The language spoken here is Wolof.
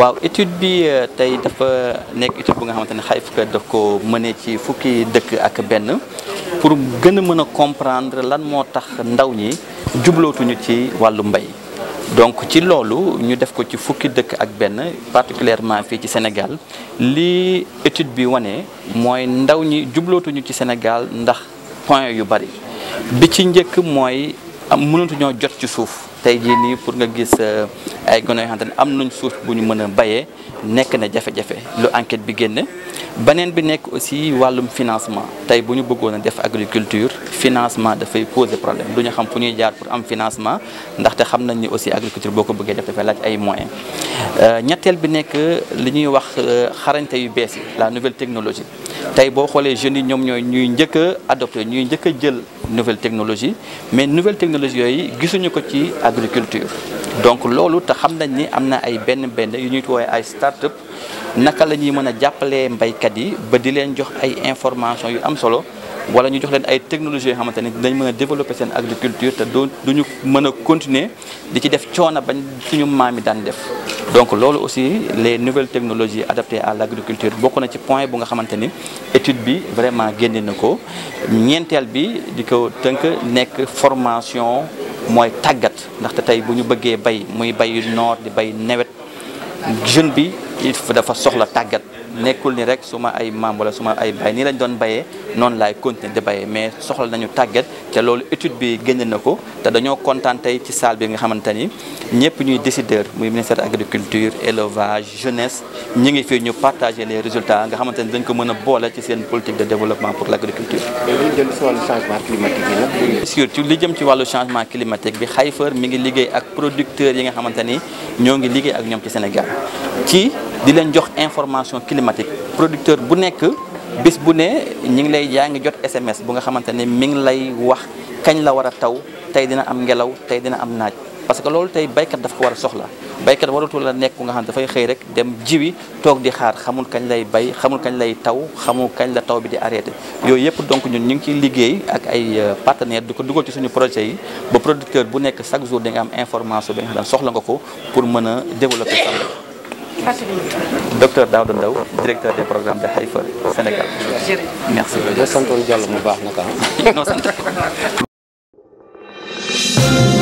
waaw étude bi euh, tey dafa nekk étude bu nga xamante ne Hive Quest daf ko mënee ci fukki dëkk ak benn pour gën a mën a comprendre lan moo tax ndaw ñi jublootuñu ci wàllu mbay donc ci loolu ñu def ko ci fukki dëkk ak benn particulièrement fii ci Sénégal li étude bi wane mooy ndaw ñi jublootuñu ci Sénégal ndax point yu bari bi ci njëkk mooy mënatuñoo jot ci suuf tey jii nii pour nga gis euh, ay gone yoo ne am nañ suuf bu ñu mën a bayee nekk na jafe-jafe lu enquête bi génne beneen bi nekk aussi wàllum financement tey bu ñu bëggoon a def agriculture financement dafay poser problème du ñu xam fu ñuy jaar pour am financement ndaxte xam nañ ni aussi agriculture boo ko bëggee def dafay laaj ay moyen Euh, ñetteel bi nekk li ñuy wax euh, xarañte yu bees yi la nouvelle technologie tey boo xoolee jeunes yi ñoom ñooy ñuy njëkk a adopté ñuy njëkk a jël nouvelle technologie mais nouvelle technologie yooyu gisuñu ko ci agriculture donc loolu te xam nañ ni am na ay benn benn yu ñuy tuwee ay start-up naka la ñuy mën a jàppalee mbaykat yi ba di leen jox ay information yu am solo wala ñu jox leen ay technologie yoo xamante ni dañ mën a développer seen agriculture te du duñu mën a continuer di ci def coono bañ suñu maam yi daan def donc loolu aussi les nouvelle technologie adaptées à l' agriculture bokk na ci point bu nga xamante ni étude bi vraiment génne na ko ñeenteel bi di ko tënk nekk formation mooy tàggat ndaxte tey bu ñu bëggee bay muy bay noor di bay nawet jeune bi dafa soxla tàggat nekkul ni rek suma ay maam wala suma ay bay nii lañ doon bayee noonu laay continuer di bayee mais soxla nañu tàggat te loolu étude bi génnee na ko te dañoo kontaan tey ci salle bi nga xamante ni ñëpp ñuy décideur muy ministère agriculture élevage jeunesse ñi ngi fii ñu partager les résultat nga xamante ni dañ ko mën a boole ci seen politique de développement pour l' agriculture. surtout li jëm ci wàllu changement climatique bi Heifer mi ngi liggéey ak producteurs yi nga xamante ni ñoo ngi liggéey ak ñoom ci Sénégal ci di leen jox information climatique producteur bu nekk bis bu ne ñi ngi lay yaa ngi jot SMS bu nga xamante ne mi ngi lay wax kañ la war a taw tey dina am ngelaw tey dina am naaj parce que loolu tey baykat daf ko war a soxla baykat waratul la nekk nga xam dafay xëy rek dem jiwi toog di xaar xamul kañ lay bay xamul kañ lay taw xamul kañ la taw bi di arrêté yooyu yëpp donc ñun ñu ngi ciy liggéey ak ay euh, partenaires di ko dugal ci suñu projet yi ba producteur bu nekk chaque jour di am information bi soxla nga ko pour mën a développer docteur Daouda Ndaw directeur des programmes de Haïfa Sénégal. merci. santoon Diallo mu baax naka ah.